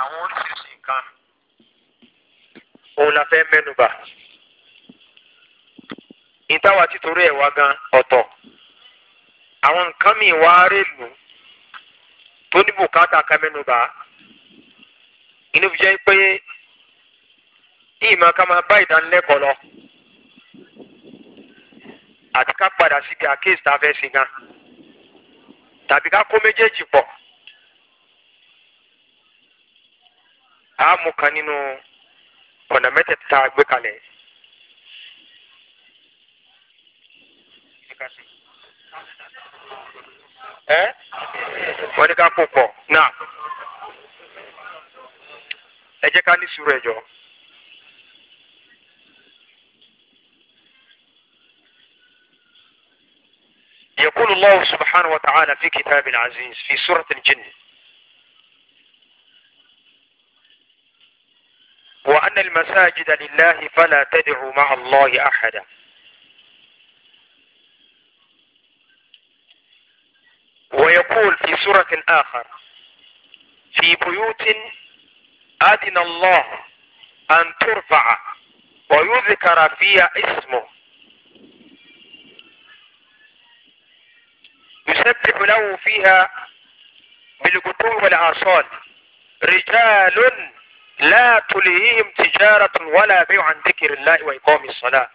àwọn oríṣiríṣi nǹkan òun la fẹ́ mẹ́nuba ìtawà títorí ẹ̀ wá gan ọ̀tọ̀ àwọn nǹkan mi wá rèlù tó ní bùkátà ká mẹ́nuba inú fi jẹ́ pé ìmọ̀ ká máa bá ìdánilẹ́kọ̀ọ́ lọ àti ká padà síbi àkéèsì tá a fẹ́ sí gan tàbí ká kó méjèèjì pọ̀. àmú kan nínú ọ̀nà mẹ́tẹ̀ẹ̀ta gbé kalẹ̀. ẹ wọ́n ní ká kó pọ̀ náà ẹ jẹ́ ká ní sùúrù ẹ jọ̀ọ́. يقول الله سبحانه وتعالى في كتاب العزيز في سورة الجن وأن المساجد لله فلا تدعوا مع الله أحدا ويقول في سورة آخر في بيوت أذن الله أن ترفع ويذكر فيها اسمه يسبح له فيها بالقطوع والعصال رجال لا تليهم تجارة ولا بيع عن ذكر الله وإقام الصلاة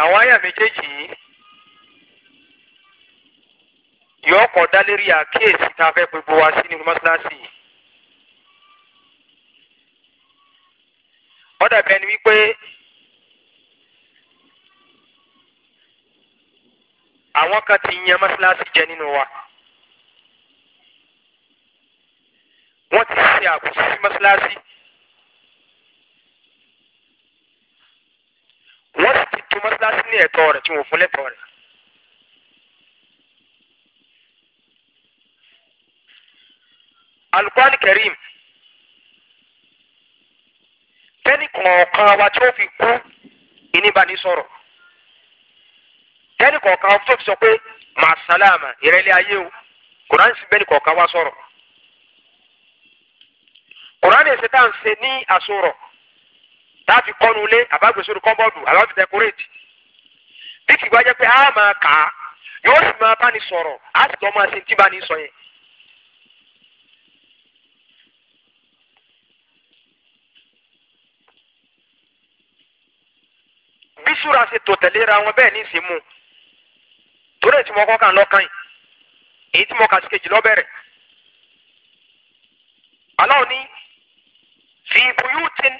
àwọn àyà méjèèjì yìí yóò kọ dálérí àkíyèsí tá a fẹ́ gbogbo wa sí nínú mọ́ṣáláṣí yìí. ó dàbí ẹni wípé àwọn kan ti yan mọ́ṣáláṣí jẹ nínú wa wọ́n ti ṣe àbùsí sí mọ́ṣáláṣí wọ́n sì ti tún mọ́ṣáláṣí ní ẹ̀tọ́ rẹ̀ tí wọ́n fún lẹ́tọ̀ọ́ rẹ̀. alukwani karim tẹ́nì kọ̀ọ̀kan wa tí ó fi kú ìníbanisọ̀rọ̀. tẹ́nì kọ̀ọ̀kan tó fi sọ pé màsálámà ìrẹ́lẹ̀ ayé o kùránì sì bẹ́ẹ̀ ni kọ̀ọ̀kan wá sọ̀rọ̀ kùránì èsì tá à ń ṣe ní àsọ̀rọ̀ tá a fi kọ́nu lé àbágbèsórí kọ́bọ́ọ̀dù àbáfi dẹkóréètì bí kì í wá pé a máa kà á yóò sì máa bá ní sọ̀rọ̀ a sì máa ṣe tí bá ní sọ yẹn. bí wọn bẹ́ẹ̀ ní torí èyí tí mo kọ́kàn lọ́kàn yìí èyí tí mo kà sí kejì lọ́bẹ̀rẹ̀ aláwo fi buyutin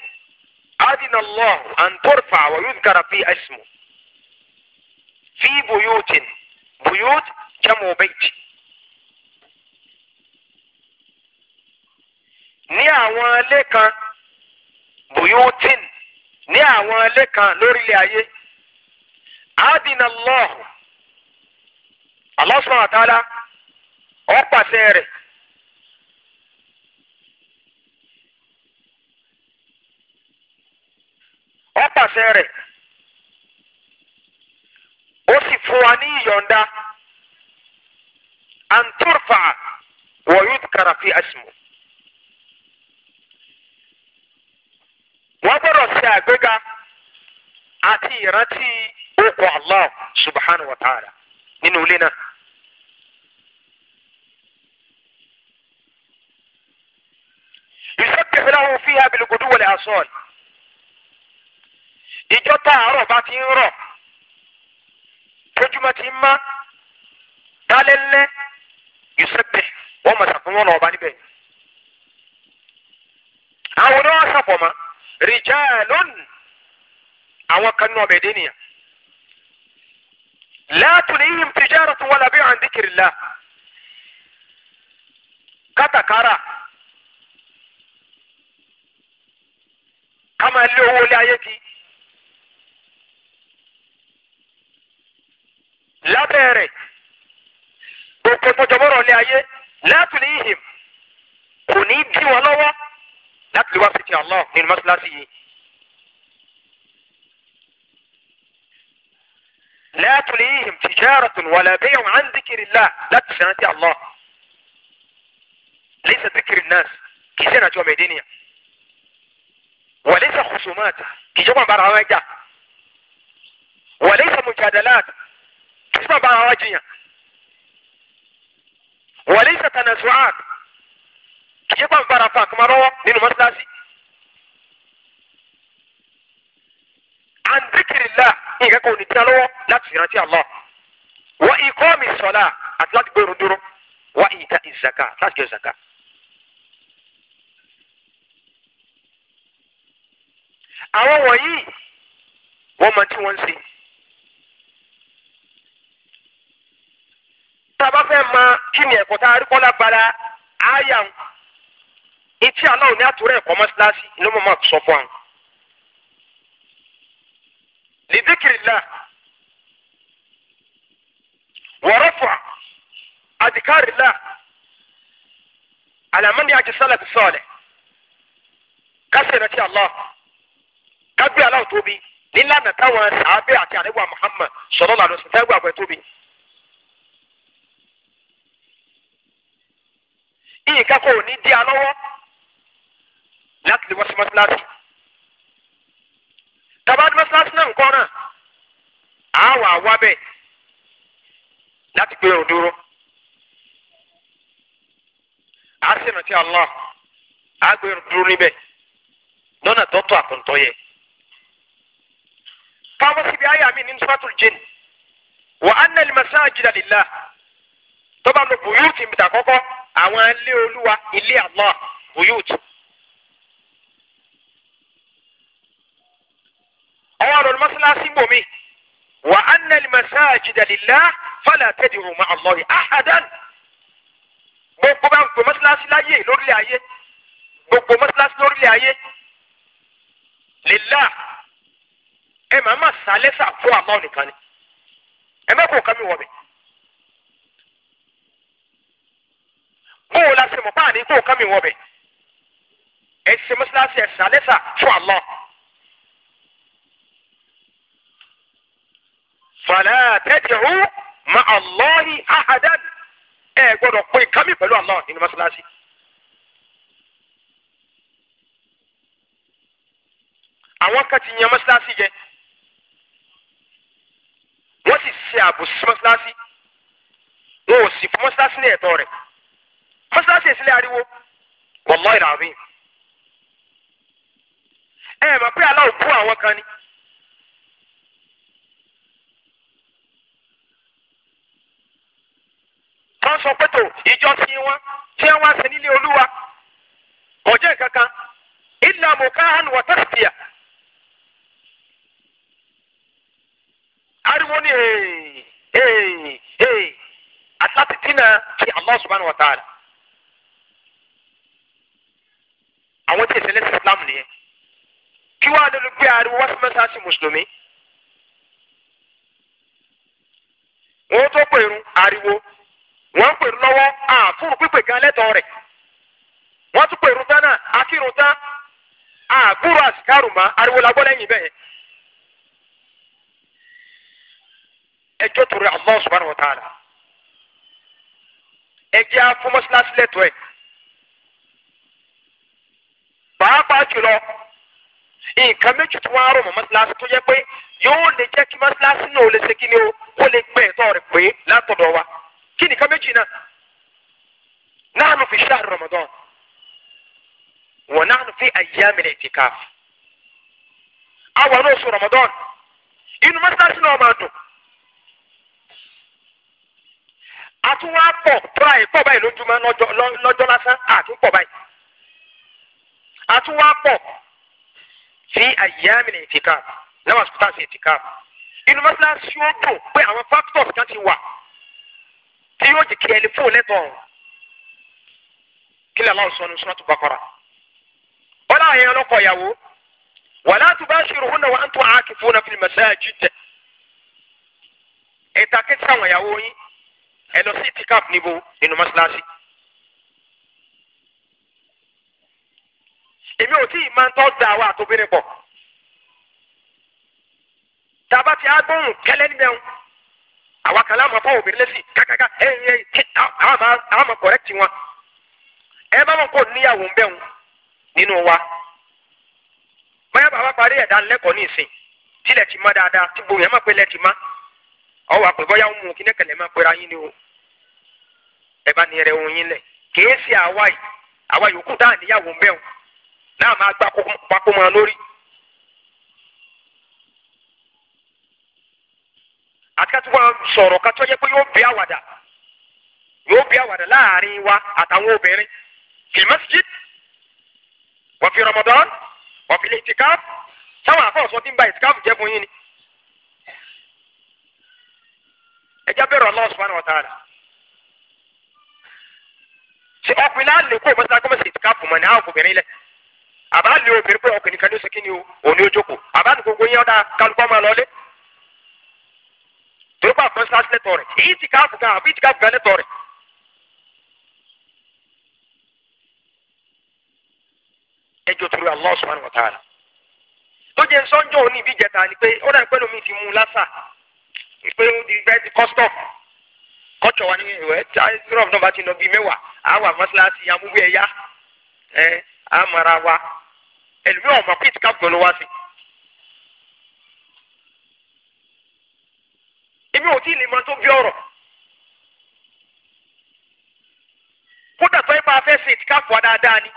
adinallahu an turfa wa yudhkara fi fi buyutin buyut jamu bayti. ní àwọn ilé kan buyutin ní àwọn ilé kan lórílẹ̀ ayé adinallahu. Allah subhanahu wa ta'ala ọ̀pàṣẹ rẹ̀ ọ̀pàṣẹ rẹ̀ ó sì fún wa ní ìyọ̀ǹda anturfa wa yudhkara fi asmu. wọ́n gbọ́dọ̀ ṣe àgbéga àti Allah subhanahu wa ta'ala nínú له فيها بالغدو والآصال ìjọ tààrọ̀ bá ti ń rọ̀ tójúmọ́ ti ń mọ́ dálẹ́lẹ́ ìṣẹ́pẹ̀ wọ́n mọ̀ sàfihàn ọ̀nà ọba níbẹ̀. àwọn oníwà sàfọ̀mọ́ rìjà lónìí àwọn kan náà bẹ̀ẹ́dẹ́ nìyà. látùlẹ̀ yìí ń tijárọ̀ tó wọ́n lábẹ́ àǹdíkìrìlá kátàkárà. kama lé owó lé ayé ti. lábẹ́rẹ̀ gbogbo gbọdọ̀mọ́rọ̀ lé ayé láti ní ìhìn kò ní í dí wọn lọ́wọ́ láti lè wá sí ti Allah nínú mọ́ṣáláṣí yìí. لا تلهيهم تجارة ولا بيع عن ذكر الله لا تسنتي الله ليس ذكر الناس كيسنا جو مدينيا walaysa khusumat kì í ṣe pọ̀ bára wọn jà walaysa mujadalat kì í ṣe pọ̀ bára wọn jiyàn walaysa tanasuat kì í ṣe pọ̀ bára fa àkàmọ́ lọ́wọ́ nínú mọ́ṣáláṣí. an zikirillah nǹkan kan ò ní dín lọ́wọ́ láti ìrántí Allah wa iqami salat àti láti gbèrú dúró wa ita ìzaka láti gbèrú zaka. àwọn wọ̀nyí wọ́n mọ tí wọ́n ń ṣe. tá a bá fẹ́ mọ kí ni ẹ̀kọ́ tá a rí kọ́ lágbára àáyà ń etí aláwọ̀ ní àtúrọ̀ ẹ̀kọ́ mọ́síláṣí ló mọ̀ máa sọ fún wa. lidikirila wọ́rọ́fà àdìkárìlá alamani àti sálàbí sọ̀lẹ̀ kásìrẹ́tì aláwọ̀. kábí aláwọ̀ tóbi nílànà táwọn sàábẹ́ àti àníwá Muhammad sọ̀rọ̀ lànà sọ̀tẹ́ gbàgbẹ́ tóbi. nǹkan kò ní dí a láti lè wọ́n mọ́síláṣí. tàbá dé mọ́síláṣí náà nǹkan náà àáwọ̀ àwa láti gbé òun dúró. a Allah dúró níbẹ̀ lọ́nà tó tọ́ àkùntọ́ káwọ́ síbi àyà mi ní suratul jinn wa anna al-masajida lillah tọ́ba lọ bùyúùtì mìtà kọ́kọ́ àwọn ilé olúwa ilé Allah bùyúùtì. ọwọ́ àrùn mọ́sálásí ń bò mí wa anna al-masajida lillah fala tad'u ma'a Allahi ahadan gbogbo bá gbogbo mọ́sálásí láyé lórílẹ̀ ayé gbogbo mọ́sálásí lórílẹ̀ ayé lillah ẹ máa ma sá lẹ́sà fún àmọ́ nìkan ni ẹ mẹ́kọ̀ ọ̀kan mi wọ̀ bẹ̀. bóò la ṣe mọ̀ báà ní kó ọ̀kan mi wọ̀ bẹ̀ ẹ ṣe mọ́ṣáláṣí ẹ sá lẹ́sà fún àmọ́. fàlẹ́ tẹ́tẹ̀hún ma àlọ́ọ̀hìn àhàdá ẹ gbọ́dọ̀ pé kámi pẹ̀lú àlọ́ nínú mọ́ṣáláṣí. àwọn kan ti yan mọ́ṣáláṣí jẹ wọ́n si àbòsí mọ́sálásí wọn ò sì fún mọ́sálásí ní ẹ̀tọ́ rẹ̀ mọ́sálásí ìsílẹ̀ ariwo wallahi alazim ẹ ẹ̀ mọ̀ pé aláwọ̀ bú àwọn kan ni. wọ́n sọ pé tó ìjọ sí wọn tí wọ́n wá sí nílé olúwa ìlànà ariwo ni ee ee ee àti tina ti Allah subhanahu wa ta'ala. àwọn tí ìṣẹ̀lẹ̀ sí Islam ariwo wá sí mẹ́sàásì mùsùlùmí. wọn tó pèrú ariwo wọn pèrú lọ́wọ́ àfúrú pípè gan lẹ́tọ̀ọ́ rẹ̀ wọ́n tún pèrú tán náà akírun tán àgbúrò ariwo la ẹjọ́ torí Allah subhanahu wa ta'ala ẹjẹ́ afọmọ́síláṣí lẹ́tọ̀ọ́ ẹ̀ pàápàá jùlọ nǹkan méjì tí wọ́n á rò mọ́ mọ́síláṣí tó yẹ pé yóò lè jẹ́ kí mọ́síláṣí náà lè ṣe kí ni o ó lè gbẹ ẹ̀tọ́ rẹ̀ pé látọ̀dọ̀ wa kí nìkan méjì náà nahnu fi shahr Ramadan wa nahnu fi ayyamil i'tikaf àwọn oṣù Ramadan inú mọ́síláṣí náà máa dùn. tún wá pọ̀ tó àyè pọ̀ báyìí lójúmọ́ lọ́jọ́ lásán àtún pọ̀ báyìí àtún wá pọ̀ sí àyàmì ní ìtìká lẹ́wọ̀n sùkúta sí ìtìká inú mọ́sálásí ó dùn pé àwọn factors kan ti wà tí yóò jẹ́ kí ẹni fóun lẹ́tọ̀ọ́ kí lè aláwọ̀ sọ ní Suratul Baqara wọ́n láwọn yẹn lọ́kọ̀ ìyàwó wàlá tubashiruhunna wa antum aakifuna fil masajid tẹ̀ ẹ̀ta kẹ́tí àwọn ìyàwó yín ẹ lọ sí itikaf níbo nínú mọ́ṣáláṣí. èmi ò tí ì máa ń tọ́ da ti agbóhùn kẹlẹ́ níbẹ̀ ń àwa kan láwọn afọ obìnrin lẹ́sìn kákàká ẹ̀yìn àwọn ọmọ kọ̀rẹ́tì wọn ẹ bá wọn kò níyàwó ń bẹ̀ nínú wa bàbá parí ẹ̀dá lẹ́kọ̀ọ́ ní ìsìn tílẹ̀ ti má dáadáa tí ọwọ́ àpèbọ́yá ń mú kí ní kẹlẹ́ máa pera yín ni o ẹ bá ní ẹrẹ ohun yín lẹ̀ kìí ṣe àwa yìí àwa yòókù dáhà níyàwó mbẹ́ o náà máa gba pákó mọ́ lórí. akẹ́tùwọ́ sọ̀rọ̀ kátó yẹ pé yóò bí àwàdà yóò bí àwàdà láàrin wa àtàwọn obìnrin fi masjid wọ́n fi Ramadan wọ́n fi lè tìkáàfù sáwọn àfọ̀sọ́ tí ń ba ìtìkáàfù jẹ́ fún yín ni. ẹja bẹ̀rù Allah subhanahu wa ta'ala. ṣe ọkùnrin náà lè kó ìbọ̀sá gómìnà sì ti ká fún mọ́ ní àwọn obìnrin lẹ̀. àbá lè obìnrin pé ọkùnrin kan ní sèkí ni òun ní ojókòó àbá ní gbogbo yẹn ọ̀dà kálukọ́ máa lọ lé. torí pa àfọ́nsá lẹ́tọ̀ rẹ̀ èyí ti ká fún àbí ti ká fún lẹ́tọ̀ rẹ̀. ẹjọ́ turu tó jẹ́ sọ́njọ́ òní ìbíjẹta ni pé pé ó di bẹ́ẹ̀ ti custom culture wa ní ìwẹ̀ tí àìsírọ̀ náà bá ti lọ bí mẹ́wàá àwa mọ́ṣáláṣí amúwé ẹ̀yá ẹ̀ àmàrà wa ẹlòmíràn ọmọ pé ìtìká gbọ́n ló wá sí. èmi ò tí ì lè mọ tó bí ọ̀rọ̀ kódà tó yẹ bá a fẹ́ ṣe ìtìká fọ́ dáadáa ni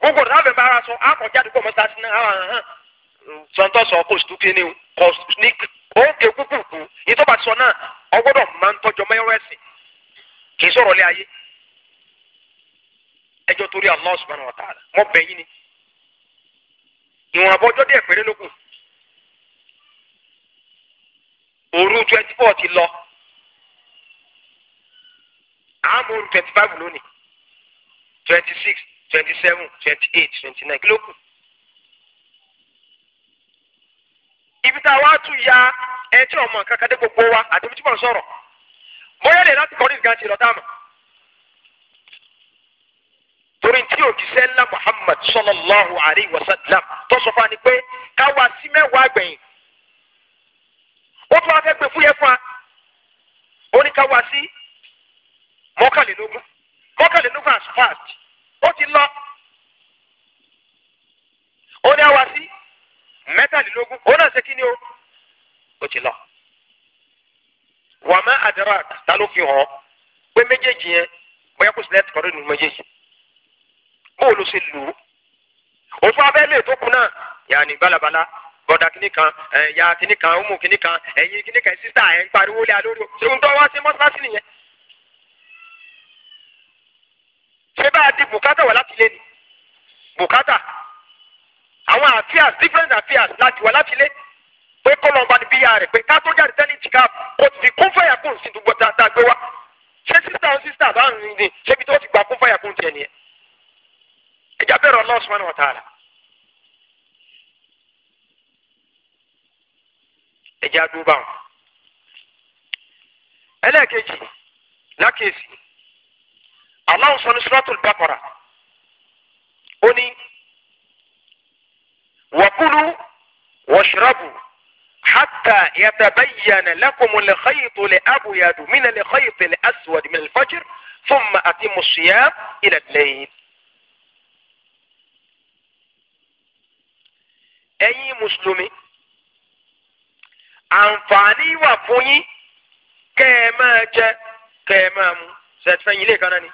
gbogbo ọ̀dọ́ àbẹ̀bẹ̀ ara sọ àkọ́jáde pọ̀ mọ́ṣáláṣí náà àwọn àhàn sọ̀tọ̀ sọ kò sùtú kéne kò ní ó ń ké kúkúkú yìí tó bá sọ náà ọgbọ́dọ̀ máa ń tọ́jọ mẹ́rọ ẹ̀sìn kì í sọ̀rọ̀ lé ayé ẹjọ́ torí Allah subhanahu wa ta'ala mọ́ bẹ̀yìn ni ìwọ̀n àbọ̀jọ́ díẹ̀ péré ló kù òru twenty four ti lọ àmọ́ òru twenty five lónìí twenty six twenty seven twenty eight twenty nine kí ibi tá a ya ẹ tí ọmọ kankan gbogbo wa àti ibi tí mo sọ̀rọ̀ bóyá lè láti kọrin gan ti lọ dáàmú. torí tí òjíṣẹ́ ńlá Muhammad sallallahu alayhi wa sallam tó sọ fún wa ni pé ká wá sí mẹ́wàá gbẹ̀yìn ó tún wá fẹ́ pé fúyẹ́ fún wa ó ní ká wá sí mọ́kànlélógún mọ́kànlélógún as ó ti lọ ó ní àwa sí. mẹ́tàlélógún òun náà ṣe kí ni o ó ti lọ. wàmẹ́ àdàrà ta ló fi hàn án pé méjèèjì yẹn bóyá kò sí lẹ́tọ̀ kọ́rọ́ nínú méjèèjì bóun ló ṣe lù ú. òfin abẹ́lé tó kù náà yàní balabala bọ̀dà kìíní kan ẹ̀yà kìíní kan ọmọ kìíní kan ẹ̀yìn kìíní kan sísá ẹ̀ ń pariwo lé alórí o ṣé ń tọ́ wá sí mọ́sáàsì nìyẹn. ṣé bá a di bùkátà wà láti lé ni bùkátà àwọn àfíàs different àfíàs láti wà láti lé pé kọlọmba ni bíyà rẹ pé ká tó jáde tẹ́lẹ̀ jìkà kó ti fi kún fàyà kún sí gbogbo tá a gbé wá ṣé sísá ọ sísá bá ń rìn ṣébi tó ti gbà kún fàyà kún tiẹ̀ nìyẹn ẹ̀já bẹ̀rẹ̀ Allah subhanahu wa ta'ala ẹ̀já dúbà wọn. ẹlẹ́ẹ̀kejì lákèsí Allah sọ ní Suratul Baqara ó ní. وكلوا واشربوا حتى يتبين لكم الخيط الابيض من الخيط الاسود من الفجر ثم اتموا الصيام الى الليل. اي مسلم فاني وفوني كما جاء كما مو فني لك انا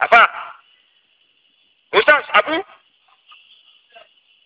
افا استاذ ابو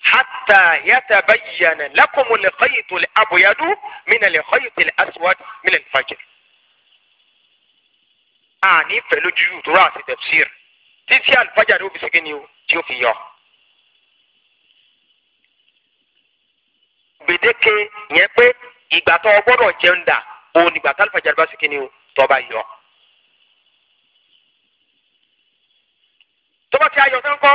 حتى يتبين لكم الخيط الأبيض من الخيط الأسود من الفجر àní pẹ̀lú jújù tó rà àti tẹ̀síìr títí àlùfájà ló fi ṣègbè ni o tí ó fi yọ. gbèdéke yẹn pé ìgbà tó o gbọ́dọ̀ dà òun ìgbà tó àlùfájà bá ṣègbè ni o tó yọ. tó ti ayọ̀ tó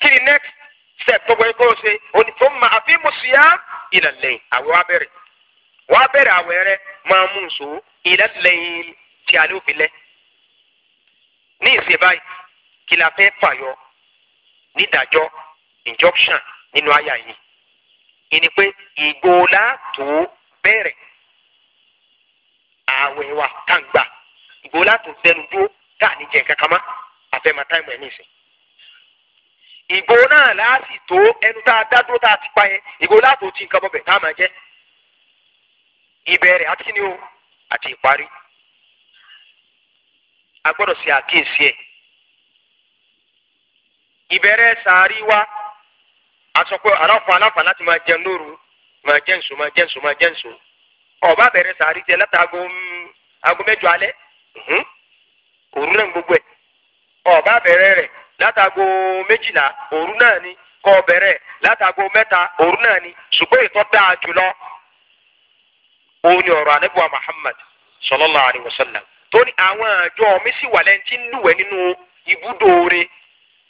kí ni next step tó gbọ́dọ̀ kó o ṣe òní tó ma àfi mùsùlùmá ilẹ̀ lẹ́yìn àwẹ̀ wa bẹ̀rẹ̀ wa bẹ̀rẹ̀ àwẹ̀ rẹ máa mú nsò ilẹ̀ lẹ́yìn tí a lè fi lẹ́ ní ìsìn báyìí kí la fẹ́ fàyọ nídàjọ́ injunction ìní pé ìgbòlá tó bẹ̀rẹ̀ àwẹ̀ wa kàǹgbà ìgbòlá tó tẹnu dúró tá à ní jẹ nǹkan kan àfẹ́ máa táìmù ẹ̀ ní ìsìn. ìgò náà láàsì tó ẹnu tá a dá dúró tá a ti pa yẹn ìgò láàtò tí nǹkan bọ̀bẹ̀ tá a máa jẹ́ ìbẹ̀rẹ̀ àti o àti ìparí a gbọ́dọ̀ ṣe àkíyèsí ẹ̀ wa asọpọ aláfọ aláfọ láti máa jẹun lóru máa jẹun sùn máa jẹun sùn máa jẹun sùn ọba bẹ̀rẹ̀ sàárì tiẹ̀ alẹ́ gbogbo ọba bẹ̀rẹ̀ rẹ̀ látago méjìlá òru náà ni kọ́ ọ látago mẹ́ta òru náà ni ṣùgbọ́n ìtọ́ dáa jùlọ òun ni ọ̀rọ̀ anábìwá Muhammad sallallahu alayhi wa sallam torí àwọn àjọ mi sì wà lẹ́yìn tí nínú ibùdó oore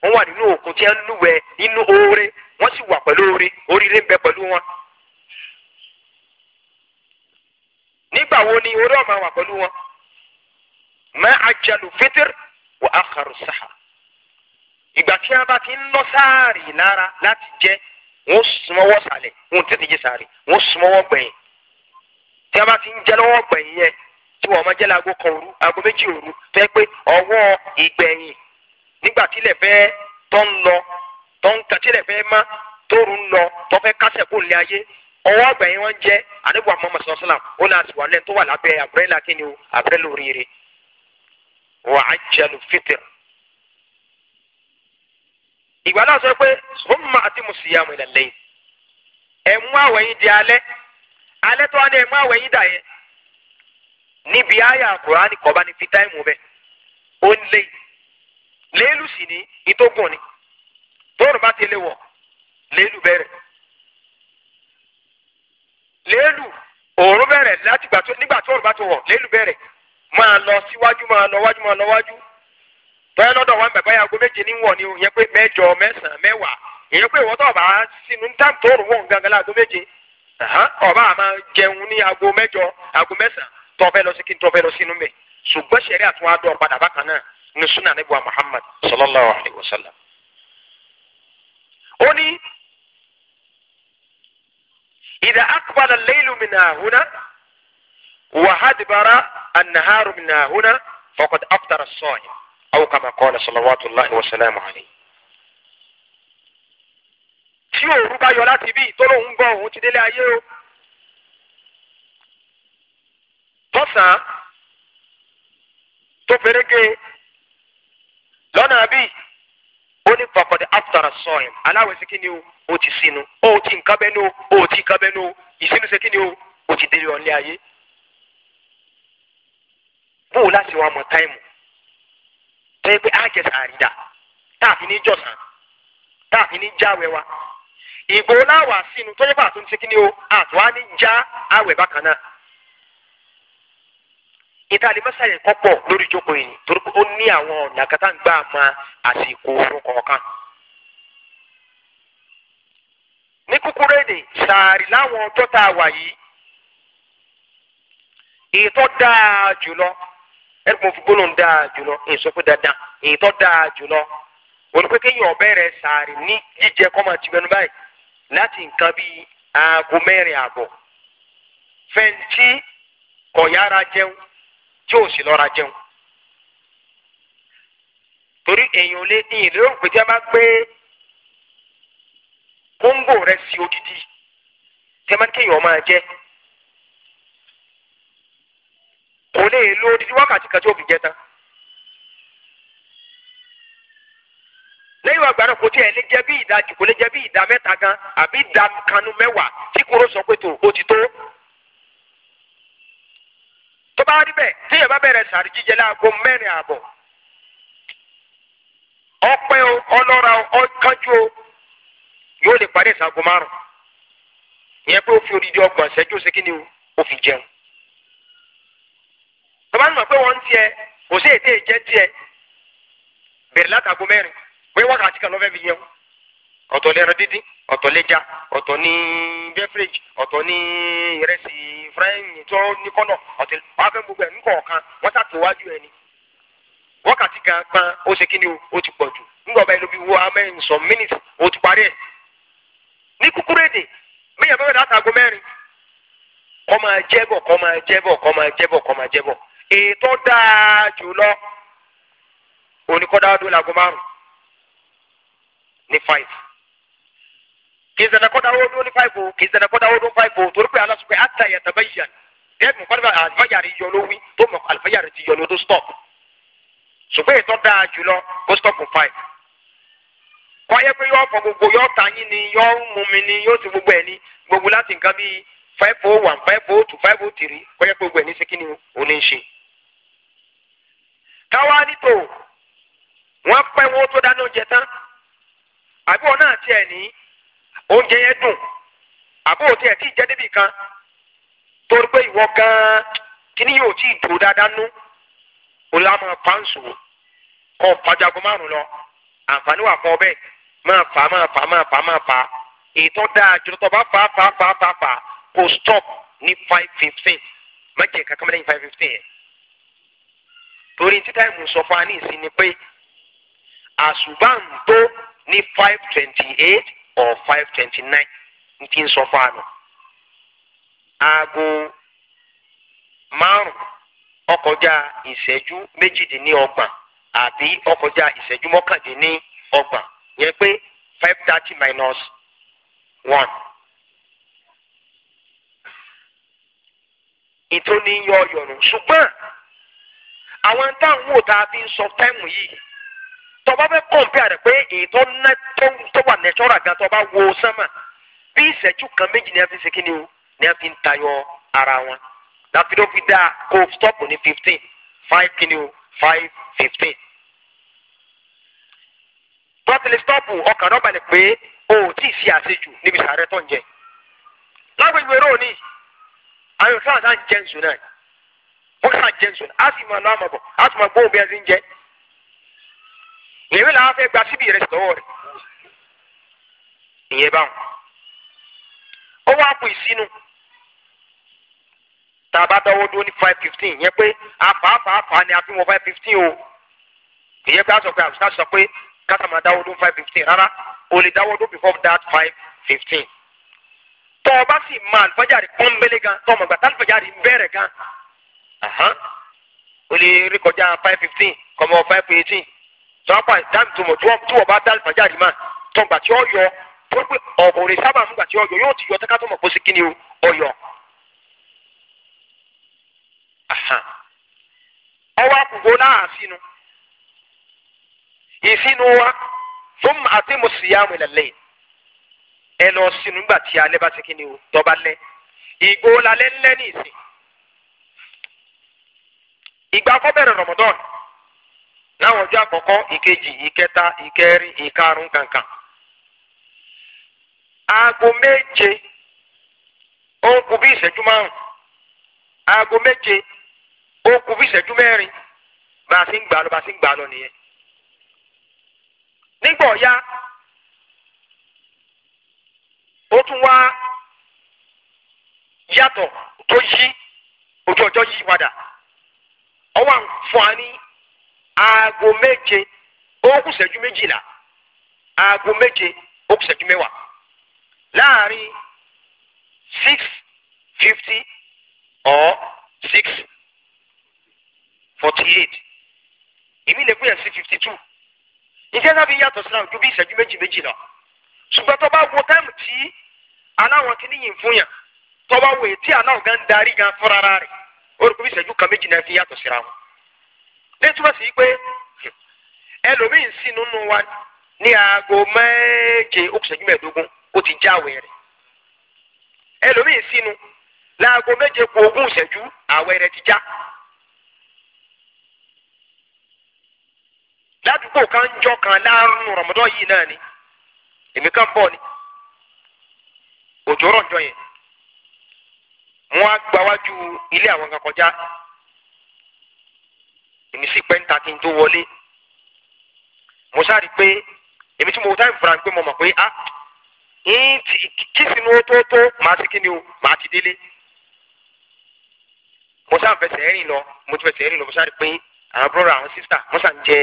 wọ́n wà nínú òkun tí ń lúwẹ̀ nínú oore wọn sì wà pẹ̀lú oore oríire ń bẹ pẹ̀lú wọn. nígbà wo ni orí ọmọ wà pẹ̀lú wọn. ma ajalu fitr wa akharu sahar ìgbà tí a bá ti ń lọ sáàrì lára láti jẹ wọn sùnmọ́wọ́ oun wọn tètè jẹ wọn gbẹ̀yìn tí a bá ti ń jẹ lọ́wọ́ gbẹ̀yìn yẹn tí wọn máa jẹ kan òru aago méjì òru tó pé ọwọ́ ìgbẹ̀yìn nígbà fẹ́ ń lọ ń fẹ́ má tóru ń lọ fẹ́ kásẹ̀ kó lé ayé ọwọ́ wọn jẹ ó náà wà tó wà lábẹ́ ìgbà náà sọ pé summa atimu siyamu ila layl ẹ mú àwẹ̀ yín di alẹ́ alẹ́ tó wá ní ẹ mú àwẹ̀ yín dà yẹn níbi àyà kùránì kọba ní fi táìmù bẹ ó ń lé léèlú sì ní ìtógùn ni tóòrùn bá ti lè wọ̀ léèlú bẹ̀rẹ̀ léèlú òòrùn bẹ̀rẹ̀ láti gbà nígbà tóòrùn bá ti wọ̀ léèlú bẹ̀rẹ̀ máa lọ síwájú máa lọ wájú máa lọ wájú bẹ́ẹ̀ lọ́dọ̀ wọn bẹ̀bá yàgò méje ní wọ̀ ni o ìyẹn pé mẹ́jọ mẹ́sàn-án mẹ́wàá ìyẹn pé ìwọ́tọ̀ ọba sínú tam tó rùn wọ̀n gangan láago méje ọba àmà jẹun ní aago mẹ́jọ aago mẹ́sàn-án tọ́fẹ́ lọ sí kí n tọ́fẹ́ lọ sínú mẹ́ ṣùgbọ́n ṣẹ̀rí àtúwá dọ̀ padà bákan náà ní sunan níbi wa Muhammad sallallahu alayhi wa sallam. ó ní ìdá akpala leilu minahuna wàhádìbára anaharu minahuna faqad أو كما قال صلوات الله وسلامه عليه tí òru bá yọ láti bí tó lóun gbọ́ òun ti délé ayé o tọ́sàn-án tó ferege lọ́nà bí ó ní pàkọ́dé aftara sọ́ọ̀yìn aláwẹ̀ sí kíni o ti sínú ó ti nǹkan bẹ́ẹ̀ o ti nǹkan bẹ́ẹ̀ ní sí kíni o ó ti délé ọ̀lẹ́ ayé bóun láti wá mọ̀ táìmù tó yẹ pé fi ní jọ̀sán fi ní jáwẹ́ ìgbò láwà sínú tó yẹ pé àtúntí kí ni o àtúwá ní já àwẹ̀ bákan náà ìtàlí mẹ́sàáyé kọ́pọ̀ lórí ìjókòó yìí torí pé ó ní àwọn ọ̀nà kátà ń gbà ma àsìkò oorun kọ̀ọ̀kan. ní kúkúrú èdè láwọn ọjọ́ tá a ẹ̀rù mo gbólóhùn dáa jùlọ dandan dáa jùlọ olùpẹ̀kẹ́ yìí ọ̀bẹ rẹ̀ sàárì ní jíjẹ kọ́mọ tìbẹ̀nu báyìí láti nǹkan bíi aago mẹ́rin àbọ̀ fẹ́ǹtì kọ̀yára jẹun tí ò sì lọ́ra jẹun torí èèyàn lé ìyìn lérò pé tí gbé kóńgò rẹ̀ sí kò lè lo odidi wákàtí kan tí ó fi jẹ tán. lẹ́yìn àgbàdo kò tí ẹ̀ lè jẹ́ bí ìdajì kò lè jẹ́ bí ìdá mẹ́ta gan àbí ìdá kanu mẹ́wàá tí kúrò sọ pé tó o ti tó. tó bá rí bẹ́ẹ̀ tí yẹn bá bẹ̀rẹ̀ sàrí jíjẹ láago mẹ́rin ààbọ̀ ọpẹ́ ọlọ́ra ọkánjú o yóò lè parí ìsàgò márùn-ún ìyẹn pé ó fi odidi ọgbọ̀n ṣẹ́jú ṣe kí ni o fi jẹun. tó bá ń mọ̀ pé wọ́n ń tiẹ̀ kò sí ètè ìjẹ́ tiẹ̀ bẹ̀rẹ̀ látago mẹ́rin pé wákàtí kan lọ́fẹ́ fi yẹn ọ̀tọ̀ lẹ́ran dídín ọ̀tọ̀ lẹ́ja ọ̀tọ̀ ní bẹ́fíríjì ọ̀tọ̀ ní ìrẹsì fúráìnì tó ní kọ́nà ọ̀tẹ̀ wàá fẹ́ gbogbo ẹ̀ ní kọ̀ọ̀kan wọ́n ṣàtìwájú ẹ̀ ni wákàtí kan pan ó ṣe ti pọ̀ jù wo amẹ́rin some minutes ó ti parí ẹ̀ ní kúkúrú èdè mẹ́rin kọ́ máa kọ́ máa kọ́ máa kọ́ máa ètò dáa jùlọ oníkọ́dá ọdún làgọ́ márùn ní five kì í sẹ̀dá kọ́dá ọdún ní five o kì í sẹ̀dá kọ́dá ọdún five o torí pé aláṣọ pé àtà yàtọ̀ bẹ́ẹ̀ yàn dẹ́gbùn kọ́dá àlùfáyàrí yọ lówí tó mọ̀ àlùfáyàrí ti yọ lódó stop ṣùgbọ́n ètò dáa jùlọ kó stop five kọ́yẹ́ pé yọ fọ gbogbo yọ ta yín ni yọ mú ni yóò ti gbogbo ẹ̀ ní gbogbo láti nǹkan bíi five oh one five oh two five oh three kọ́yẹ́ pé gbogbo ẹ̀ ní sẹ́kínì òní káwá nítò wọ́n pẹ́ wọ́n tó dáná oúnjẹ tán àbí wọn náà tiẹ̀ ní oúnjẹ yẹn dùn àbí òun tiẹ̀ tí ì jẹ́ débi kan torí pé ìwọ gan-an kíní yóò tí ì tó dáadáa nú òun lá máa pa ń sòwò kọ́ pàjágo márùn lọ àǹfààní wà fún ọ bẹ́ẹ̀ máa fà máa fà máa fà máa fà ètò dáa jùlọ bá fà fà fà fà fà kò stop ní five fifteen má jẹ́ kankan mẹ́rin five fifteen yẹn torí títà ìmù sọ fún wa ìsìn ni pé àṣùbà ń tó ní five twenty eight or five twenty nine ní ti ń sọ fún wa nù. aago márùn ó kọjá ìṣẹ́jú méjìdínlọ́gbọ̀n àbí ó ìṣẹ́jú mọ́kàndínlọ́gbọ̀n yẹn pé five thirty minus one. ìtòní yọ ọyọ̀rùn ṣùgbọ́n. àwọn táwọn wò tá a fi ń sọ táìmù yìí tọba bẹ kọ̀ǹpìà rẹ̀ pé ètò tó wà nẹ́tọ́rà gan tọba wo sánmà bí ìṣẹ́jú kan méjì ni a fi ṣe kí ni o a fi ń tayọ ara wọn láti ló fi dáa kó stọ́ọ̀pù ní fifteen five kí ni o five fifteen. tọ́tìlì stọ́ọ̀pù ọkàn náà balẹ̀ pé o ò tí ì ṣe àṣejù níbi sàárẹ̀ tó ń jẹ. lágbègbè róò ní àwọn náà wọn kà jẹ nsọ a sì máa lọ àmàbọ a sì máa gbóhùn bí ẹni jẹ ìyẹn làwọn fẹẹ gba síbi rẹ sọwọ rẹ ìyẹn báwọn ó wá bu ìsínú tá a bá dáwọ́ dúró ní five fifteen yẹn pé àfààfààfà ni a fi wọ five fifteen o ìyẹn pé a sọ pé àbùsà sọ pé kásá máa dáwọ́ dúró five fifteen rárá o lè dáwọ́ dúró before that five fifteen tọ́ ọ bá sì máa alifájàre pọ́nbélé gan tọ́ ọmọ gbàtà alifájàre ń bẹ̀rẹ̀ gan o lè rí kọjá five fifteen kọmọ five eighteen tọ́pọ̀ dáàmì tó mọ̀ tí wọ́n bá dá àlùfáàjà rí máa tọ́ gbà tí ó yọ tó pé ọ̀bùnrin sábà fún gbà tí ó yọ yóò ti yọ tẹ́ka tó mọ̀ kó sí kíni o ọ̀yọ̀. ọwọ́ àkùgbó náà sínú ìsínú wa fún àti mo sì yá àwọn ìlẹ̀lẹ̀ ẹ lọ sínú gbà tí alẹ́ bá ti kíni o tọ́ bá lẹ́ ìgbó lálẹ́ ńlẹ́ ní ìsìn. ìgbà kọ́ bẹ̀rẹ̀ Ramadan láwọn ọjọ àkọ́kọ́ ìkejì ìkẹta ìkẹrin ìkarùn kankan. aago méje ó ń kù bí ìṣẹ́jú márùn aago méje ó ń kù bí ìṣẹ́jú mẹ́rin bá a sì ń gbà lọ bá a sì ń gbà lọ nìyẹn. nígbà ọ̀ya ó tún wá yàtọ̀ tó yí ojú ọjọ́ yí padà. ọwọ́ àǹfààní aago méje ó kù ṣẹ́jú méjìlá aago méje ó kù láàrin six fifty or six forty eight èmi lè six fifty two ìjẹ́ sábì yàtọ̀ síra ju bí ìṣẹ́jú méjì méjì lọ ṣùgbọ́n tó bá wo táìmù tí aláwọn kìíní yìí ń fún yàn tó bá wo ètí aláwọ̀ gan darí gan fúnra rẹ̀ orúkọ bí ìṣẹ́jú kan méjì náà fi yàtọ̀ síra wọn. ní túmọ̀ sí pé ẹlòmíì ń wa ní aago méje ó kù o ti ja rẹ̀ ẹlòmíì sínú láago méje kù ogún ìṣẹ́jú àwẹ̀ ti já. ládùúgbò kan jọ kan láàrún rọmọdọ́ yìí náà ni èmi kan bọ̀ ni òjò rọ̀ ń wọ́n á gbáwájú ilé àwọn kan kọjá èmi sì pẹ́ ń ta kí n tó wọlé mo sáré pé èmi tí mo táyì fúnra pé mo mọ̀ pé ah kí sinú tó tó màá ti kí ni o màá ti délé mo sá fẹsẹ̀ rìn lọ mo ti fẹsẹ̀ rìn lọ mo sáré pé àwọn brọ́dà àwọn sísà wọ́n sàn jẹ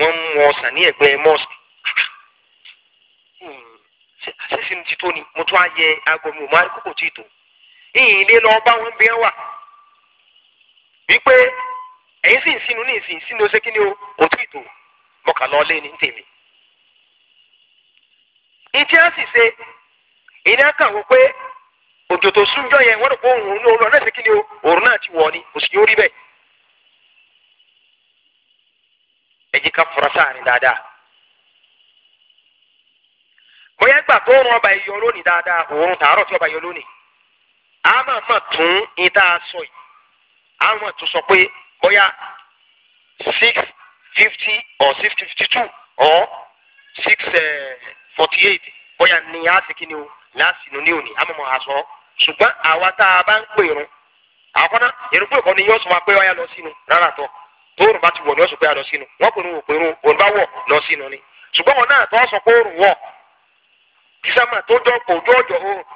wọ́n mú ọsàn ní ẹ̀gbẹ́ mọ́ọ̀sì hmm, sísìn ti tó ni mo tún á yẹ aago mi ò máa rí kókò tí ì tó. ìyìn ilé lọ bá wọn bí wọn wà wípé ẹ̀yin sì ń ní ìsìn sínú o kò tí ì tó mọ̀kà lọ lé ní tèmi. ìtí á sì ṣe ìní pé òjò tó súnjọ yẹn wọ́n ní náà ṣe kí o náà ti wọ̀ ni kò sì yóò rí ká fura sáàrin dáadáa. ọba lónìí dáadáa òórùn tààrọ̀ àmọ́ ma tún tun tá a sọ yìí àwọn tó sọ pé bóyá six fifty or six or six eh, forty ni a ti kí ni o láti inú ní òní àmọ́ mọ́ a sọ ṣùgbọ́n àwa tá a bá ń pè àkọ́nà sọ wa pé ọ̀ya lọ sínú rárá tọ́ tóorùn bá ti wọ̀ ni sọ pé a lọ sínú wọ́n pinnu wò pinnu òun bá wọ̀ ni ṣùgbọ́n wọn náà tó sọ pé oòrùn wọ̀ kìsàmà tó jọ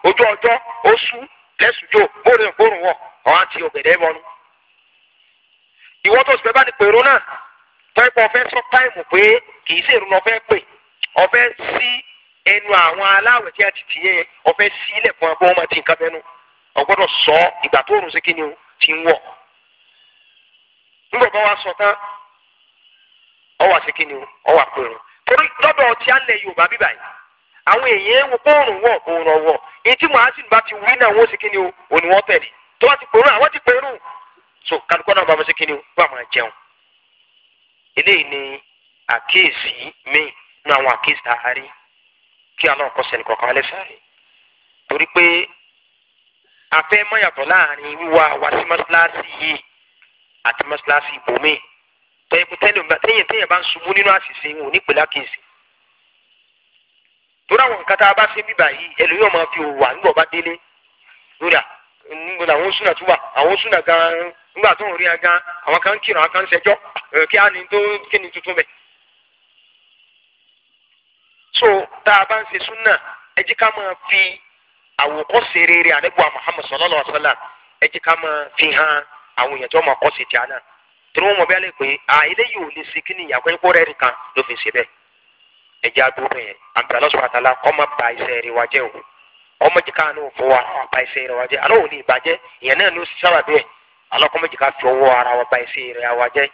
ọjọ́ lẹ́sùjò bóòrè òórùn wọ̀ ọ̀hán ti tó bá ti pèrò náà tọ́pọ̀ ọ̀fẹ́ sọ táìmù pé kì í ṣèrú lọ́fẹ́ pè ọ̀fẹ́ sí ẹnu àwọn aláwẹ̀ tí a ti tì yẹn sí ilẹ̀ nǹkan sọ ìgbà tó òrùn sí kí ni o ti ń wọ̀. nígbà bá wa sọ ni o ọwọ́ àpérò torí lọ́dọ̀ ọtí alẹ́ Yorùbá àwọn èèyàn ń wo bóòrùn wọ̀ bóòrùn ìtí muhasin bá ti wí náà wọ́n sì kíni o òní wọ́n tẹ̀lé tó bá ti pèrún àwọn ti pèrún so kálukọ́ náà bá wọn sì kíni o bá wọn jẹun. eléyìí ni àkíyèsí mi nínú àwọn àkíyèsí tá a rí kí aláwọ̀ kọ́ sẹ́ni kọ̀ọ̀kan alẹ́ sáré torí pé afẹ́ mọ́yàtọ̀ láàrin wíwá wa sí mọ́ṣáláṣí yìí àti mọ́ṣáláṣí ibòmíì tẹ́yìn tẹ́yìn bá ń ṣubú nínú àṣìṣe wọn ò ní pèlú àkíyèsí tora wọn nǹkan tá a bá ṣe bíbà yìí ẹlòmíì ọmọ fi wà nígbà ọba délé lórí à àwọn súnà tuba àwọn súnà gan nígbà tó ń rí gan àwọn kan kírun àwọn kan ń ṣẹjọ kí á ní tó kí ni tuntun bẹ. so tá a bá ń ṣe súnà ẹ ká máa fi àwòkọ́ṣe rere àdẹ́gbọ́ Muhammad sallallahu alaihi ẹ jẹ́ ká fi hàn àwọn èèyàn tó máa kọ́ sí tí wọ́n mọ̀ bí ò lè kí kan ló fi ẹ̀jẹ̀ adúró yẹn àbí alọ́sùn àtàlà kọ́ máa ba iṣẹ́ rẹ̀ wá jẹ́ o ọmọ jìkà ní òfò wa náà ba iṣẹ́ rẹ̀ wá jẹ́ alọ́ òní ìbàjẹ́ ìyẹn náà ló sábà bẹ́ẹ̀ alọ́kọ́mọ́ jìkà fi ọwọ́ ara wa ba iṣẹ́ rẹ̀ wá jẹ́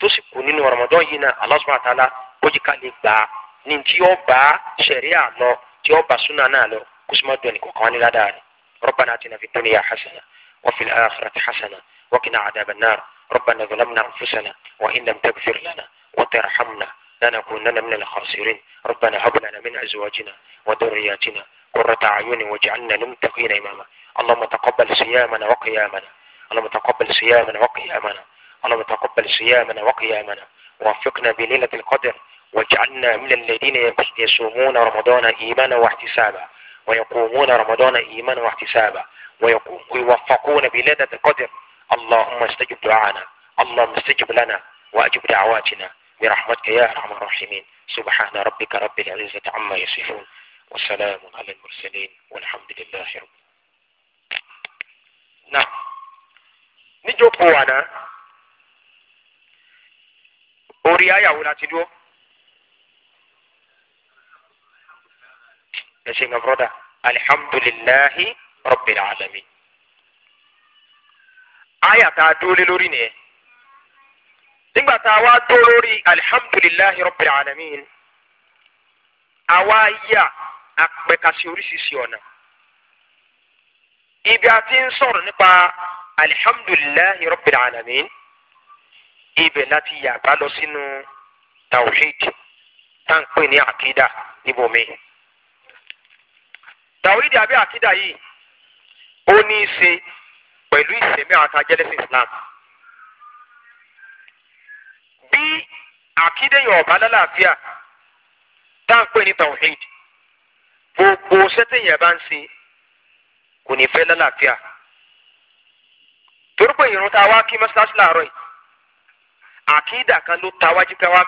tó sì kù nínú Ramadan yìí náà alọ́sùn àtàlà ó jìkà lè gbà á ní tí ó bá ṣẹ̀ríà lọ tí ó bá súnà náà lọ kó sì má dùn ẹnì kọ̀ọ̀kan ní ربنا آتنا في الدنيا حسنة وفي الآخرة حسنة وقنا ربنا ظلمنا أنفسنا وإن لم تغفر لنا وترحمنا لنكونن من الخاسرين ربنا هب لنا من أزواجنا وذرياتنا قرة أعين واجعلنا للمتقين إماما اللهم تقبل صيامنا وقيامنا اللهم تقبل صيامنا وقيامنا اللهم تقبل صيامنا وقيامنا ووفقنا بليلة القدر واجعلنا من الذين يصومون رمضان إيمانا واحتسابا ويقومون رمضان إيمانا واحتسابا ويوفقون بليلة القدر اللهم استجب دعانا اللهم استجب لنا وأجب دعواتنا برحمتك يا ارحم الراحمين سبحان ربك رب العزه عما يصفون وسلام على المرسلين والحمد لله رب نعم نجو قوانا أوريا آية يا ولا تدو يا شيخ مبرودة الحمد لله رب العالمين آية تعدو للوريني nígbà tá a wá dó lórí alihamudulilayi rabbil alamin àwa yà àpẹkasi oríṣiríṣi ọ̀nà ibi a ti ń sọ̀rọ̀ nípa alihamudulilayi rabbil alamin ibẹ̀ láti yàgbá lọ sínú tawhid tá n pè ní akida níbòmí tawhid àbí akida yìí ó ní í ṣe pẹ̀lú ìsẹ̀mí àtàjẹ́lẹ́sìn islam. àkídéyàn ọ̀bá lálàáfíà tá à pè ní tawhid gbogbo sẹ́tẹ̀yìn bá ń sin kò ní fẹ́ lálàáfíà torí pé ìrun tá a wá kí làárọ̀ yìí àkídà kan ló ta wájú ká wá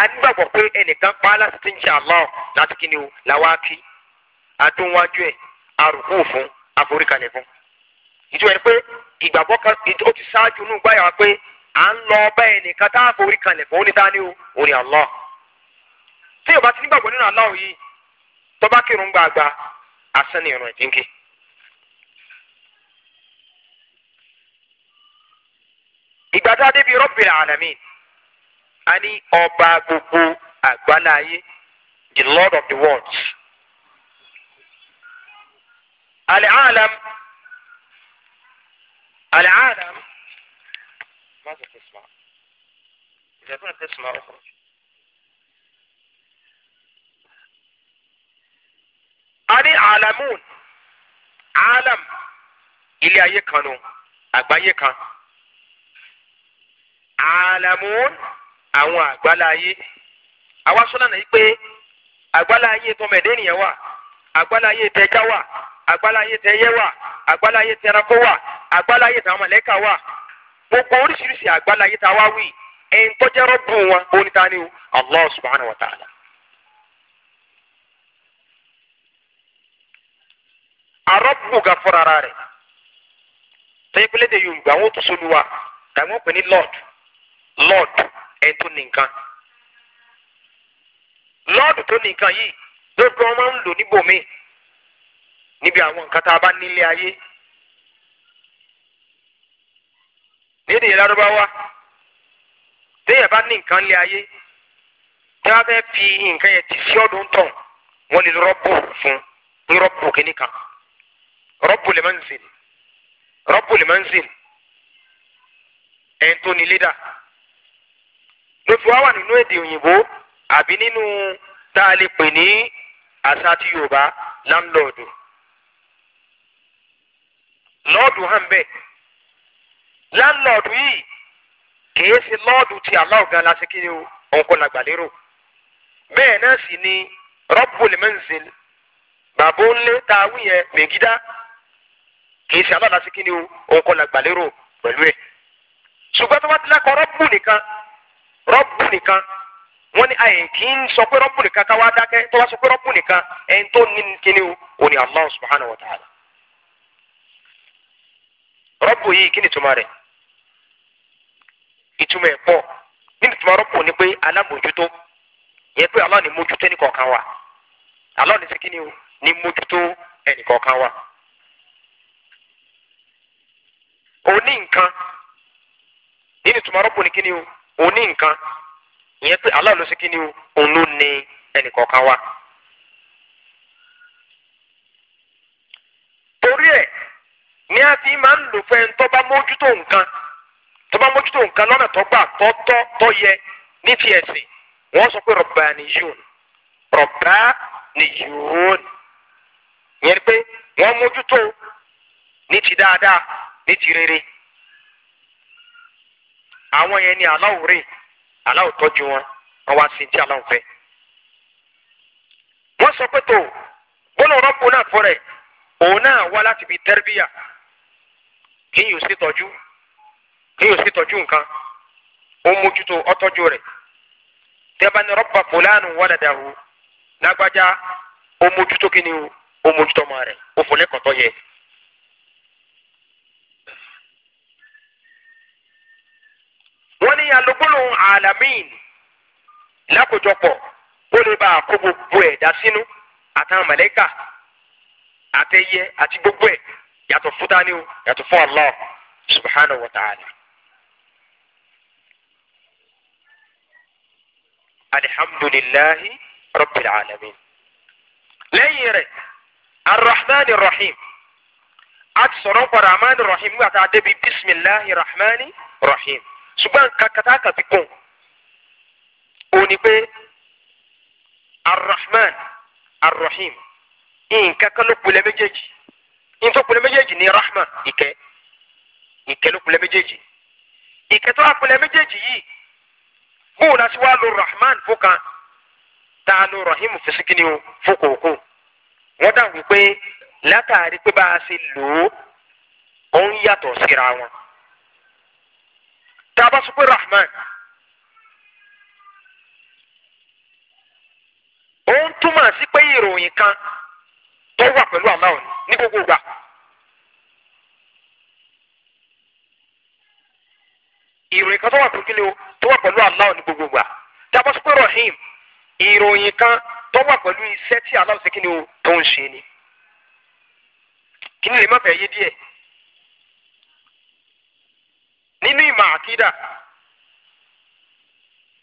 a nígbàgbọ́ pé ẹnìkan pa á láti ti ń ṣe àlọ́ láti kí ni o làwa kí adúnwájú ẹ̀ arùkú fún àforíkalẹ̀ fún. ìjọba ẹni pé ìgbàgbọ́ kan ó ti ṣáájú à ń lọ ọbẹ̀ ẹnìkan tá a forí kalẹ̀ fún onídàáni o òní tí o bá ti nígbàgbọ́ nínú Allah yìí tó bá kírun gbàgbà asán ni ìrun ìjínkì. ìgbà tá a débi Alamin a ní ọba gbogbo àgbáláyé the lord of the world. Al-Alam Al-Alam. ماذا تسمع إذا كنت تسمع اخرج أني عالمون عالم ilé ayé kan nu عالمون kan àlàmún àwọn àgbáláyé àwa sọ́nà yìí pé àgbáláyé tọmọdé ènìyàn wà àgbáláyé tẹja wà àgbáláyé tẹyẹ wà àgbáláyé tẹranko wà àgbáláyé tàwọn mọ̀lẹ́kà wà gbogbo oríṣiríṣi àgbáláyé tá a wá wí ẹ̀ń tọ́jẹ́ rọ́bù wọn òun ta ni Allah subhanahu wa ta'ala. arọ́bù ga fúnra ara rẹ̀ tẹ́yẹ́ Yorùbá wọn tún solúwa tàbí wọn pè ní lord lord ẹ̀ń tó ní lord tó ní yìí lóòótọ́ wọn máa ń lò níbòmíì níbi àwọn nǹkan tá a bá nílé ayé lédè larubawa téèyàn bá ní nǹkan lé ayé tí wọ́n fẹ́ fi nǹkan yẹn ti sí ọdún tán wọ́n lè rọ́pò fún ní kínní kan lè máa ń sìn lè máa ń sìn tó ní wà nínú èdè òyìnbó àbí nínú tá a lè pè ní àṣà ti Yorùbá hàn láńlọ́ọ̀dù yìí kìí ṣe lọ́ọ̀dù ti aláwọ̀ lásìkò yìí òǹkọ́ la gbàlérò bẹ́ẹ̀ náà sì ni rọ́bùlì mẹ́ǹsìl bàbá ńlé tá a yẹn mẹ́gídá kìí ṣe aláwọ̀ lásìkò yìí òǹkọ́ la gbàlérò pẹ̀lú ẹ̀ ṣùgbọ́n tó bá nìkan nìkan kì í nìkan káwá dákẹ́ tó bá nìkan ẹni tó ní o ò ní Allah subhanahu wa ta'ala yìí kí ni ìtumọ̀ ẹ̀ pọ̀ nínú tí mo rọ́pò ni pé alábòjútó yẹ pé Allah ni mójútó ẹnìkọ̀ọ̀kan wa Allah ni sikini o ni mójútó ẹnìkọ̀ọ̀kan wa. òní nǹkan nínú tí ni kíni o òní torí ni a ti máa ń lò mójútó nǹkan. tó bá mójútó nǹkan lọ́nà tó gbà tó tọ́ tó yẹ ní ti ẹ̀sìn wọ́n sọ pé rabbaniyun rabbaniyun yẹn pé wọ́n mójútó ní ti dáadáa ní ti rere àwọn yẹn ni aláwọ̀ rè aláwọ̀ tọ́jú wọn wọn wá sí ti aláwọ̀ wọ́n sọ pé tó gbọ́dọ̀ rọ́pò náà fọ́rẹ̀ òun náà wá láti fi tẹ́rbíyà kí yóò ṣe tọ́jú kéèyàn sì tọ́jú nkan ó mójútó ọtọ́jú rẹ̀ tẹ́bá ní rọ́bà fúlàánù wàlàdàhù lágbájá mójútó kí ni ó mójútó ọmọ rẹ̀ ó fọlẹ́kọ̀tọ́ yẹ. wọ́n ní alógbólóhùn alamin lákòjọpọ̀ ó lè bá kó gbogbo ẹ̀dá sínú àtàwọn màláíkà àtẹyẹ gbogbo ẹ̀ yàtọ̀ fún ni o yàtọ̀ fún Allah subhanahu wa ta'ala. alihamdulilahi rabbil alamin. lẹ́yìn rẹ̀ arrahman rahim a ti sọ̀rọ̀ pa rahman rahim nígbà tá a débi bisimilahi rahman rahim ṣùgbọ́n kàkàtà kàfi kún ó ní pé arrahman arrahim nǹkan kan ló kulẹ̀ méjèèjì nǹkan kulẹ̀ méjèèjì ní rahman ìkẹ́ ìkẹ́ ló kulẹ̀ méjèèjì ìkẹ́ tó wà kulẹ̀ méjèèjì yìí bóun láti wá lo rahman fúkan tá a lo rahim fisikini fúkòókò wọn dà wípé látàrí pé bá a ṣe lò ó ó ń yàtọ̀ síra wọn. tá sọ pé rahman ó ń túmọ̀ sí pé ìròyìn kan tó wà pẹ̀lú Allah ní gbogbo ìgbà. ìròyìn kan tó wà pẹ̀lú o tó wà pẹ̀lú Allah ní gbogbo gbà a bá sọ pé rahim ìròyìn kan tó wà pẹ̀lú iṣẹ́ tí Allah ṣe kíni o tó ń ṣe ni kíni lè má fẹ́ yé díẹ̀ nínú ìmọ̀ àkídà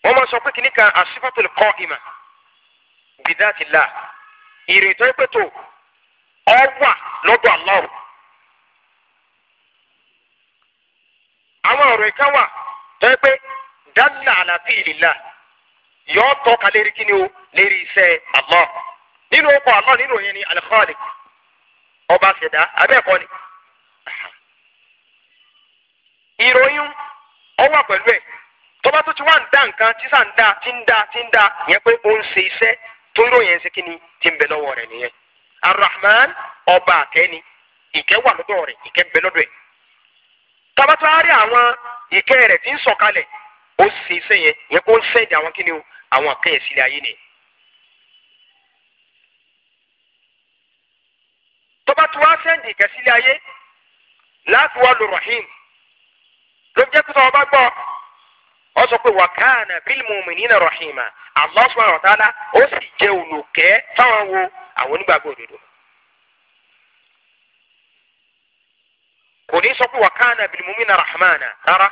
wọ́n máa sọ pé kíní kan asifatul ire bidatillah ìrètò ìpètò ọ̀wà lọ́dọ̀ Allah àwọn ọ̀rọ̀ ìkan wà tó yẹ àlàfi ìlìlá yọ̀ọ́ tọ́ka lérí kíni o lérí iṣẹ́ Allah nínú ọkọ̀ Allah nínú yẹn ni al ọba ṣẹ̀dá abẹ́ẹ̀kọ́ ni. ìròyìn ọwọ́ pẹ̀lú ẹ̀ tọ́ba tó ti wá ń dá nǹkan tí sàn dá ti ń dá ọba àkẹ́ni ìkẹ́ wà tabatari àwọn ìkẹ́ rẹ̀ ti ń sọ̀kalẹ̀ ó sì ṣe yẹn yẹn kó ń sẹ́ẹ̀dì àwọn kíni o àwọn akẹ́yẹ sílẹ̀ ayé ni. tọ́ba tí wàá sẹ́ẹ̀dì ìkẹ́ sílẹ̀ ayé láti wá lu rahim ló jẹ́ pé tọ́ba gbọ́ ọ sọ pé wàkàna bílmù mìnínà rahima Allah subhanahu wa ta'ala ó sì jẹ́ olùkẹ́ fáwọn wo àwọn onígbàgbọ́ òdodo. kò ní sọ pé wà kánà bil mu'mina rahmana rárá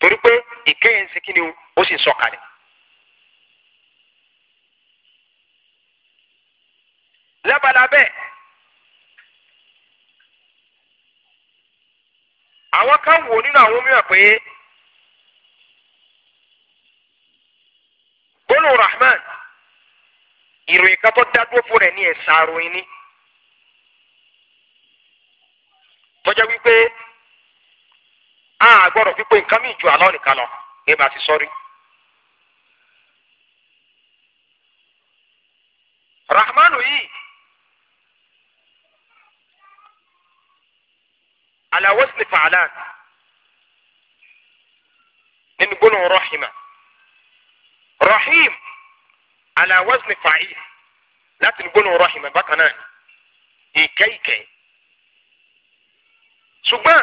torí pé ìkẹyìn sí kí ni ó sì sọ lábala bẹ́ẹ̀ àwọn kan wò nínú àwọn mìíràn pé gbólóhùn rahman ìròyìn kan tó dá dúró fún rẹ̀ ní ẹ̀sà àròyìn ni. tọ́jà wípé a gbọ́dọ̀ fi pé nǹkan mi ju àlọ́ nìkan lọ ẹ bá ti sọ́rí. rahmanu yìí alawosini faalan nínú gbólóhùn rahima rahim alawosini faayil láti nínú gbólóhùn rahima bákan náà ìkẹ́ìkẹ́ ṣùgbọ́n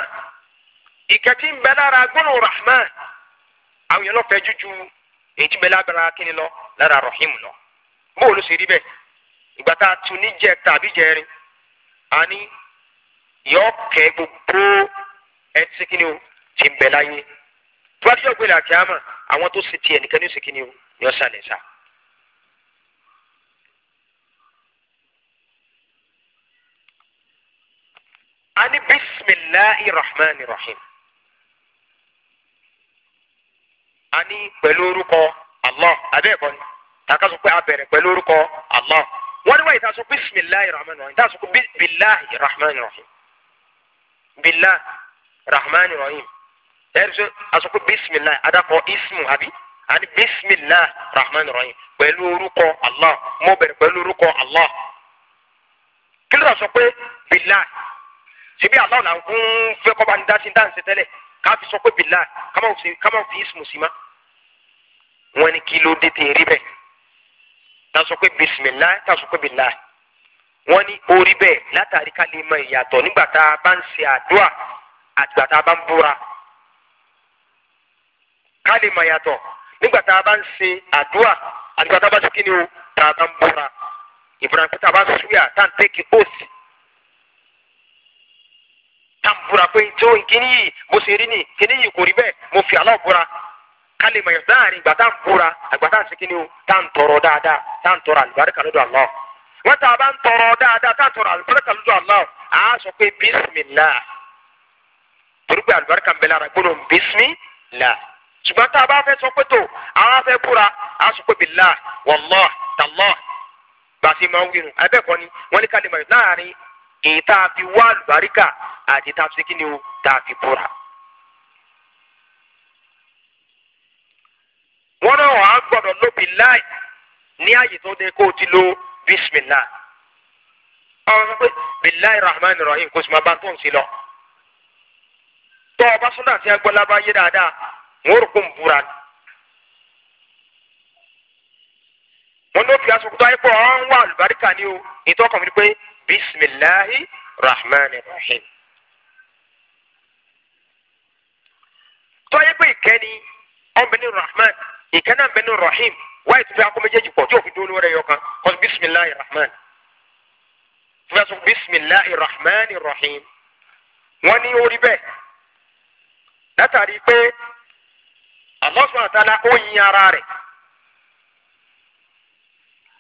ìkẹtí ń bẹ lára gbọ́dọ̀ rahman àwọn èèyàn lọ́fẹ̀ẹ́ jújú èyí tí ń bẹ lára kíni lọ lára rahim lọ bó ló ṣe rí bẹ́ẹ̀ ìgbà tá a tún ní jẹ tàbí jẹrin a ní yọ kẹ gbogbo ẹtí kíni o ti ń bẹ láyé tó bá dé ọgbẹ́lẹ̀ àkíyàmà àwọn tó ṣe ti ẹnìkan ní ṣe kíni o ní ọ̀sán lẹ́sà. a ní bisimilahi rahman rahim a ní pẹ̀lú orúkọ allah abẹ́ẹ̀kọ́ ni tàkà sọ pé a bẹ̀rẹ̀ pẹ̀lú orúkọ allah wọ́n ní wáyé tá a sọ bisimilahi rahman rahim tá a sọ pé bilahi rahman rahim bilahi rahman rahim ẹ̀rí sọ a sọ pé bisimilahi adakọ̀ ismu àbí ani bisimilah rahman rahim pẹ̀lú orúkọ allah mo bẹ̀rẹ̀ pẹ̀lú orúkọ allah kí ló sọ pé bilah ṣebí aláwọ náà ń fẹ́ kọ́ bá ń dá sí dáǹsì tẹ́lẹ̀ káfi sọ pé bìlá kámá fi ismu sí ma wọn ni kí ló dé tẹ rí bẹ́ẹ̀ tá a sọ pé bisimilá tá a sọ pé bìlá wọn ni orí bẹ́ẹ̀ látàrí ká lè mọ ìyàtọ̀ nígbà tá a bá ń ṣe àdúrà àtìgbà tá a bá ń búra ká lè mọ ìyàtọ̀ nígbà tá a bá ń ṣe àdúrà a bá ṣe kí ni o tá a bá ń búra ìbúra pé a bá ṣúyà tá à ń tábùra pé tó kíní yìí bó ṣe rí ni kíní yìí kò rí bẹ́ẹ̀ mo fi aláwọ̀ búra ká lè mọ̀ yẹn láàrin ìgbà tá à ń búra àgbà tá à ń ṣe kíní o tá à ń tọrọ dáadáa tá à ń tọrọ àlùbáríkà lọ́dọ̀ Allah wọ́n tá a bá ń tọrọ dáadáa tá à ń tọrọ àlùbáríkà lọ́dọ̀ Allah à á sọ pé bísímìlá torí pé àlùbáríkà ń bẹ lára gbọ́dọ̀ bísímìlá ṣùgbọ́n tá a bá fẹ́ sọ pé tó àwọn afẹ́ búra a sọ pé bìlá wàllá tàllá bá a ṣe máa ń wíru ẹbẹ́ kọ́ ni wọ́n ní èyí tá a fi wá àlùbáríkà àti tá a fi kíni o tá a fi búra. wọ́n náà lo bi ní ààyè tó dé kó ti lo bismillah. ọ̀rọ̀ pé billahi rahman rahim kò sì máa bá tó ń lọ. tọ́ ọba súnà àti bá yé dáadáa wọ́n rò kó ń búra ni o ìtọ́kọ̀ mi ni pé. bisimilahi rahmani rahim. tọ́yẹ́ pé ìkẹ́ni ọ̀nbẹ́ni rahman ìkẹ́ni ọ̀nbẹ́ni rahim wáyé tó fi akọ méjèèjì pọ̀ tí òfin dúró lórí ẹ̀yọ kan kọ́ bisimilahi rahman. tó bá sọ bisimilahi rahmani rahim. wọ́n ní orí bẹ́ẹ̀ látàrí pé Allah subhanahu wa yin ara rẹ̀.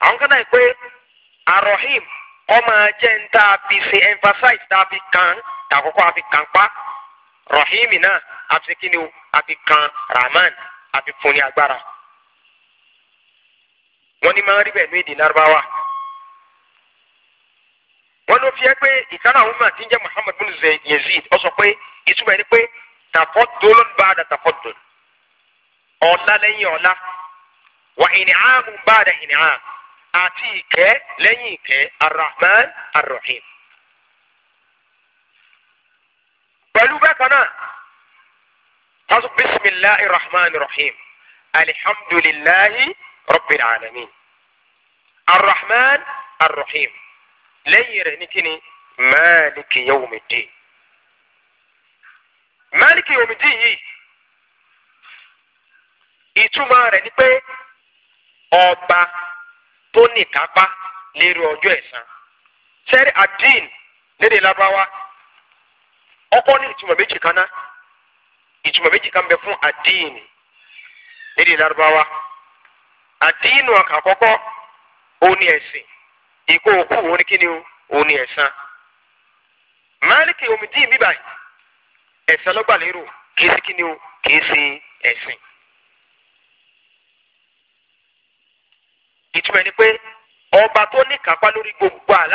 àwọn kan náà pé arahim. ọ ajẹ́ ń tá a fi ṣe emphasize tá a fi kan tàkọ́kọ́ a fi kan pa rahimi náà a fi kí a fi kan rahman a fi fún ní agbára. wọ́n ní máa ń rí bẹ́ẹ̀ ní fi ẹ́ pé ìkànnì àwọn ọmọ àti ń jẹ́ muhammad bin yazid ọ sọ pé ìtumọ̀ ẹni pé tàfọ́ dolon bá a da ọ̀la lẹ́yìn ọ̀la wà ìnìhàn bá a àti ìkẹ́ lẹ́yìn ìkẹ́ arahman arahim. pẹ̀lú bákan náà tasu bisimilahi rahman rahim alihamdulilahi rabbil alamin arahman arahim lẹ́yìn rẹ̀ ní kíni máàlìkì yawmiddi máàlìkì yawmiddi yìí ìtumọ̀ rẹ̀ ni pé ọba tó ní kápá lérò ọjọ́ ẹ̀san sẹ́rí adin lédè lábáwá ọkọ ní ìtumọ̀ méjì kan náà ìtumọ̀ méjì kan bẹ fún adin lédè lárúbáwá adinu àkàkọ́kọ́ òní ẹ̀sìn ìkó òkú òní kíni òní ẹ̀san máàlìkì omi dín bíbáyìí ẹ̀san lọ́gbà lérò kìí sí kíni o kìí sí ẹ̀sìn. ìtumọ̀ ni pé ọba tó ní kápá lórí gbogbo àlá